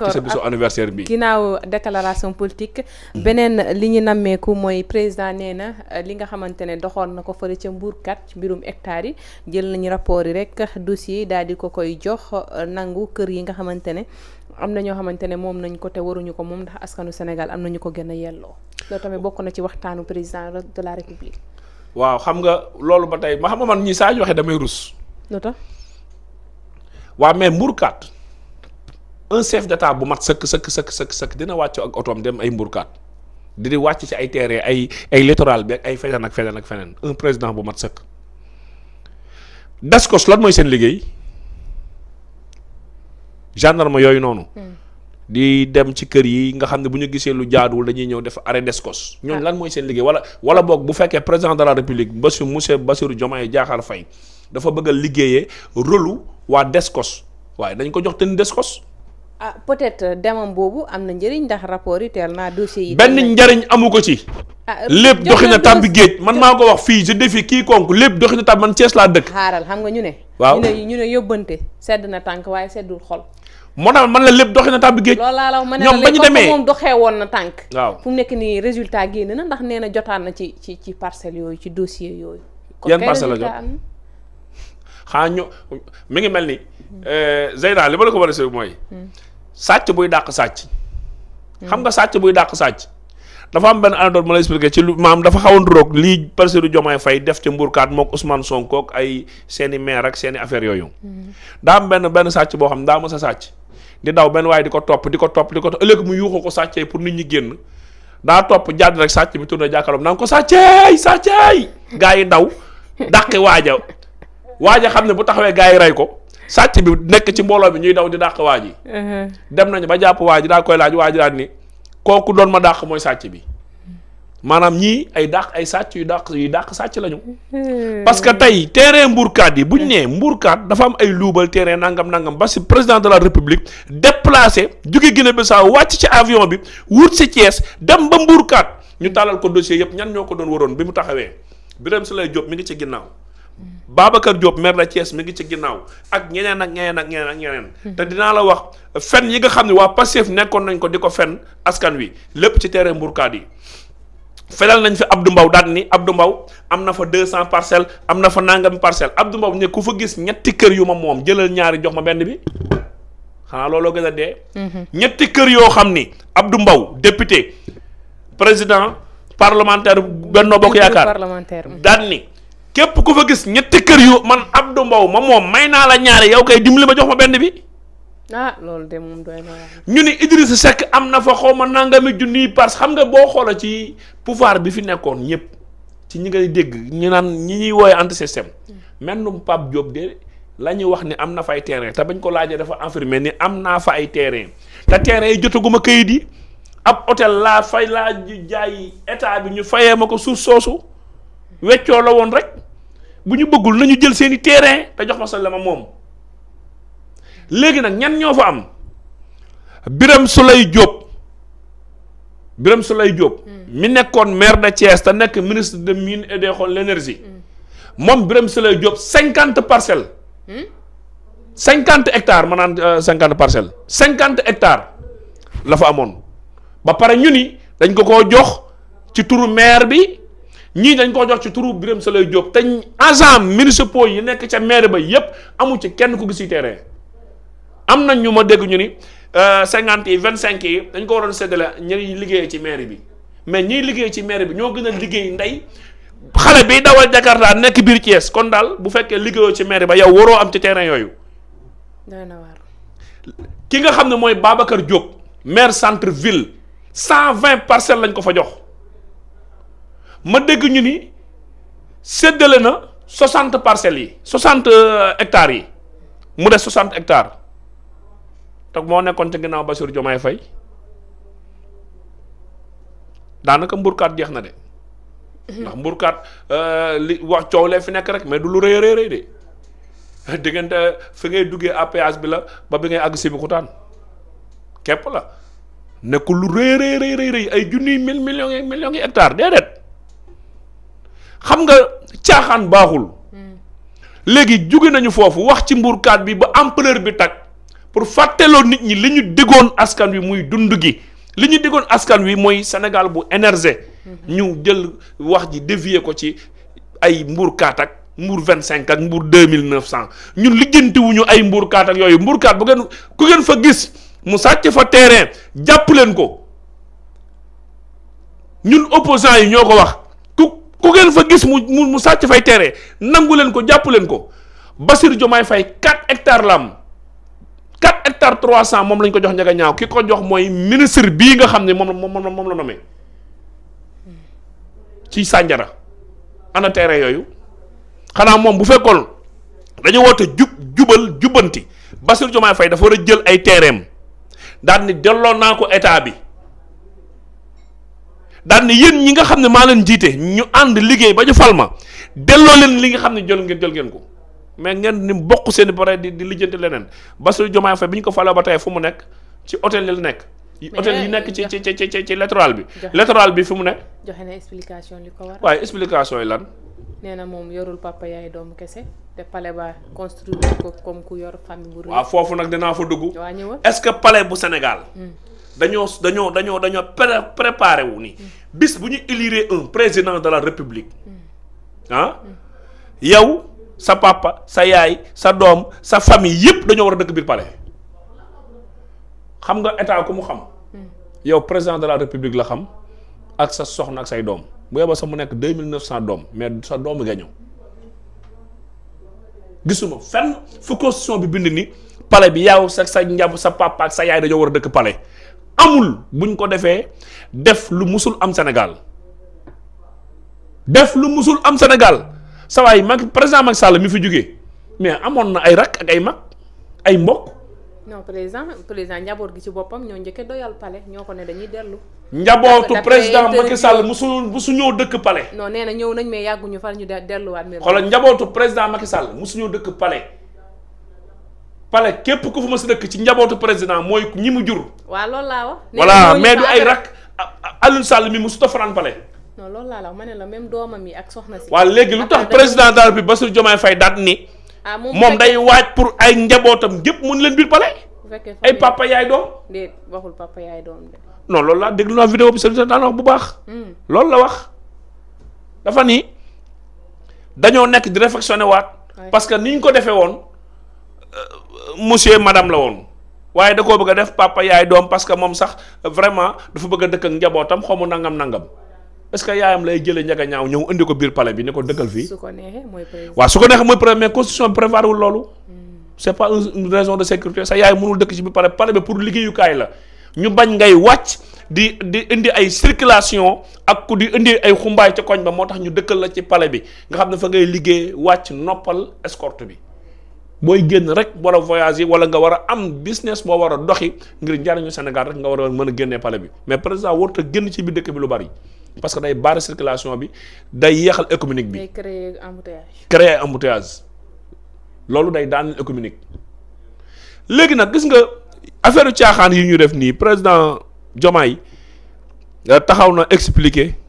d'accord ci bisu ah, anniversaire bi. ginnaaw déclaration politique. beneen li ñu nammeeku mooy président nee na euh, li nga xamante ne doxoon na ko fële ca mbuurkat ci mbirum hectares yi jël nañu rapport yi rek yi dal di ko koy jox euh, nangu kër yi nga xamante ne am na ñoo xamante ne moom nañ ko te waruñu ko moom ndax askanu Sénégal am na ñu ko gën a yelloo loolu tamit bokk na ci waxtaanu président de la république. waaw xam nga loolu ba tey ma xam ma man ñii saa ñu waxee damay rus. lu tax. waaw un chef d'état bu mat sëkk sëkk sëkk sëkk sëkk dina wàccu ak otoom dem ay mburkaat di di wàcc ci ay terrain ay ay littoral bi ay feneen ak feneen ak feneen un président bu mat sëkk Descos lan mooy seen liggéey ma yooyu noonu hmm. di dem ci kër yi nga xam ne bu ñu gisee lu jaaduwul dañuy ñëw def arrêt Descos ah. ñoom lan mooy seen liggéey wala wala boog bu fekkee président de la république Bassirou monsieur Bassirou Diomaye Diakhar Faye dafa bëgg a liggéeyee rôlu waa Descos waaye dañ ko jox ten Descos ah peut-être demam boobu am na njëriñ ndax rapport yi teel naa dossier yi. benn njëriñ amu ko ci. Ah, lépp doxi na tàmbi géej man maa ko wax fii je défie quiconque lépp doxi na tàmbi man Thiès laa dëkk. xaaral xam nga ñu ne. waaw ñu ne ñu ne yóbbante sedd na tànk waaye seddul xol. moo tax man la lépp doxi na tàmbi géej. ñoom ba ñu demee moom doxee woon na tànk. waaw fu mu nekk nii résultat génn na ndax nee na jotaan na ci ci ci parcelle yooyu ci dossier yooyu. yan parcelle la na xaa ñu mi ngi mel ni euh, Zeyna li ma ko war a mooy hmm. sàcc buy dàq sàcc. Hmm. xam nga sàcc buy dàq sàcc. dafa am benn anecdote ma lay ci lu maam dafa xawoon roog lii Bassirou Diomaye fay def ca mburkaat mook Ousmane Sonko ak ay seen i maire ak seen i affaire yooyu. Hmm. daa am benn benn sàcc boo xam daa mës a sàcc. di daw benn waaye di ko topp di ko topp di ko topp ëllëg mu yuuxu ko sàccee pour nit ñi génn daa topp jàdd rek sàcc bi tourné jàkkaarloom naan ko sàcceey sàcceey gaa yi daw dàqi waaja waaja xam ne bu taxawee gaa yi rey ko. sàcc bi nekk ci mbooloo bi ñuy daw di dàq waa ji. Uh-huh. dem nañu ba jàpp waa ji daa koy laaj waa ji ni kooku doon ma dàq mooy sàcc bi maanaam ñii ay dàq ay sàcc yu dàq yu dàq sàcc lañu. Uh-huh. parce que tey terrain mbuurkaat yi bu ñu nee mbuurkaat dafa am ay luubal terrain nangam nangam ba si président de la république déplacé jóge Guinée-Bissau wàcc ci avion bi wut si Thiès dem ba mbuurkaat ñu tàllal ko dossier yëpp ñan ñoo ko doon waroon bi mu taxawee Birame Souleye Diop mi ngi ci ginnaaw. Mm. babakar Diop mer la Thiès mi ngi ci ginnaw ak ñeneen ak ñeneen ak ñeneen ak ñeneen. Mm. te dina la wax fen yi nga xamni wa passif nekkon nañ ko diko ko fen askan wi lepp ci terrain mburkaat yi. nañ fi Abdou Mbaw daal ni Abdou Mbaw amna fa 200 parcelles amna fa nangam parcelles Abdou Mbaw ne ku fa gis ñetti kër yu ma mom jëlal ñaari jox ma benn bi xana lolo gëna dé mm-hmm. ñetti kër yo xamni Abdou Mbaw député président parlementaire Benno Bokk Yaakaar daal ni képp ku fa gis ñetti kër yu man Abdou mbaw ma moom may naa la ñaari yow kay dimbali ma jox ma benn bi. ah loolu de moom doy na ñu ni Idrissa Seck am na fa xaw ma nangami junniy parce xam nga boo xoola ci pouvoir bi fi nekkoon ñëpp ci ñi ngay dégg ñi naan ñi ñuy wooye anti système. mennum pap job de la ñuy wax ni am na fa ay terrain te bañ ko laajee dafa infirmer ni am naa fa ay terrain te terrain yi jotaguma kayit yi ab hôtel laa fay laa jaay état bi ñu fayee ma ko suuf soosu. weccoo la woon rek bu ñu bëggul nañu jël seeni terrain te jox ma Sallama moom léegi nag ñan ñoo fa am Birame Souleye Diop Birame Souleye Diop. Hmm. mi nekkoon maire de Thiès te nekk ministre de mine de des xool l'énergie hmm. moom biram Souleye Diop cinquante parcelle hmm? cinquante hectares maanaam euh, cinquante parcelle cinquante hectares la fa amoon ba pare ñu ni dañ ko koo jox ci turu maire bi. ñii dañ koo jox ci turu Birame Souleye Diop te agent municipaux yi nekk ca maire ba yépp amu ci kenn ku gis terrain am nañ ñu ma dégg ñu ni euh, cinquante yi vingt cinq yi dañ ko waroon séddale ñi liggéeye ci maire bi mais ñiy liggéey ci maire bi ñoo gën a liggéey ndey xale bi dawal Jakarta nekk biir Thiès kon daal bu fekkee liggéeyoo ci maire ba yow waroo am ci terrain yooyu. ki nga xam ne mooy Babacar Diop maire centre ville cent vingt parcelles lañ ko fa jox. ma dégg ñu ni séddale na 60 parcelles yi 60 euh, hectares yi mu des 60 hectares tok mo moo ci ca ginnaaw Bassirou Diomaye Faye daanaka mburkaat jeex na de ndax euh li wax coow lee fi nekk rek mais du lu reey reey rëy de diggante fi ngay duggé APH bi la ba bi ngay ag si bi xutaan képp la nekkul lu reey reey reey rëy ay jooni mille millions yi millions yi hectares dedet xam nga caaxaan baaxul. léegi jóge nañu foofu wax ci mbuurkaat bi ba ampleur bi tag pour fàtteloo nit ñi li ñu diggoon askan wi muy dund gi li ñu diggoon askan wi mooy Sénégal bu énergé. ñu jël wax ji dévier ko ci ay mbuurkaat ak mbuur 25 ak mbuur 2900 ñun lijjantiwuñu ay mbuurkaat ak yooyu mbuurkaat bu ngeen ku ngeen fa gis mu sàcc fa terrain jàpp leen ko ñun opposants yi ñoo ko wax. ku gën fa gis mu mu sàcc fay tere nangu leen ko jàpp leen ko basir jomay fay 4 hectares lam 4 hectares 300 mom lañ ko jox ñaga ñaaw kiko jox moy ministre bi nga xam mom mom mom, mom la nomé ci sanjara ana terrain yoyu xana mom bu fekkol dañu wote jub jubal jubanti basir jomay fay dafa wara jël ay terrain dal ni delo naa ko état bi. daan ne yéen ñi nga xam ne maa leen jiite ñu ànd liggéey ba ñu fal ma delloo leen li nga xam ne jol ngeen jël ngeen ko mais ngeen ni bokk seen i pare di di lijjanti leneen Bassirou Diomaye Faye bi ñu ko faloo ba tey fu mu nekk ci hôtel yi la nekk. hôtel yi nekk ci ci ci ci ci littoral bi. littoral bi fi mu nekk. joxe na explication li ko waaye explication yi lan. nee na moom yorul papa yaay doomu kese te palais ba construire ko comme ku yor famille bu rëy. waaw foofu nag dinaa fa dugg. est-ce que palais bu Sénégal. Hmm. dañoo dañoo dañoo dañoo préparé wu bis bu ñu un président de la république mm. ah yow sa papa sa yaay sa dom sa famille yëpp dañoo wara a dëkk biir palais xam nga état ku mu xam mm. yow président de la république la xam ak sa soxna ak say dom bu yeboo sa mu nek 2900 dom mais sa doom nga gisuma fenn fu constitution bi bind ni palais bi yaaw sa sa njab sa papa ak sa yaay dañoo wara a dëkk palais amul bu ñu ko defee def lu musul am senegal def lu musul am senegal sa waay mag président Macky Sall mi fi jógee mais amoon na ay rak ak ay mag ay mbokk. non président président njaboot gi ci boppam ñoo njëkk doyal palais ñoo ko ne dañuy dellu. njabootu président Macky Sall musu musu ñëw dëkk palais. non nee na ñëw nañ mais yàgguñu far ñu delluwaat. xoolal njabootu président Macky Sall musu ñëw dëkk palais. pale képp ku fu ma si dëkk ci njabootu président mooy ñi mu jur. waaw loolu laa mais du ay rak Alioune Sall mi mu suta fanaan pale. la wax ma ne la même doomam yi ak soxna si. waaw lu tax président daal bi Bassirou Diomaye Faye daat ni. Ah, moom day waaj pour ay njabootam gépp mun leen biir pale. ay papa waxul papa yaay doom de. laa déglu naa vidéo bi seen daan wax bu baax. Hmm. loolu la wax dafa ni dañoo nekk di réflexionné waat. parce que ni ñu ko defee woon. monsieur madame la woon waaye da koo bëgg def papa yaay doom parce que moom sax vraiment dafa bëgg a dëkk ak njabootam xaw ma nangam nangam est que yaayam lay jëlee njaga ñaaw ñëw indi ko biir palais bi ni ko dëkkal fii. su ko neexee mooy président waaw su ko neexee mooy président mais constitution prévoir wul loolu. c'est pas une de sécurité sa yaay mënul dëkk ci biir palais palais bi pour liggéeyukaay la ñu bañ ngay wàcc. di di indi ay circulation ak ku di indi ay xumbaay ca koñ ba moo tax ñu dëkkal la ci palais bi nga ne fa ngay liggéey wàcc noppal escorte bi booy génn rek war a voyager wala nga war a am business moo war a doxi ngir jariñu Sénégal rek nga war a mën a génnee palais bi mais président warut a génn ci biir dëkk bi lu bari parce que day barre circulation bi day yeexal économique bi. day créer embouteillage. créer loolu day daan économique léegi nag gis nga affaire caaxaan yi ñu def nii président Diomaye euh, taxaw na expliquer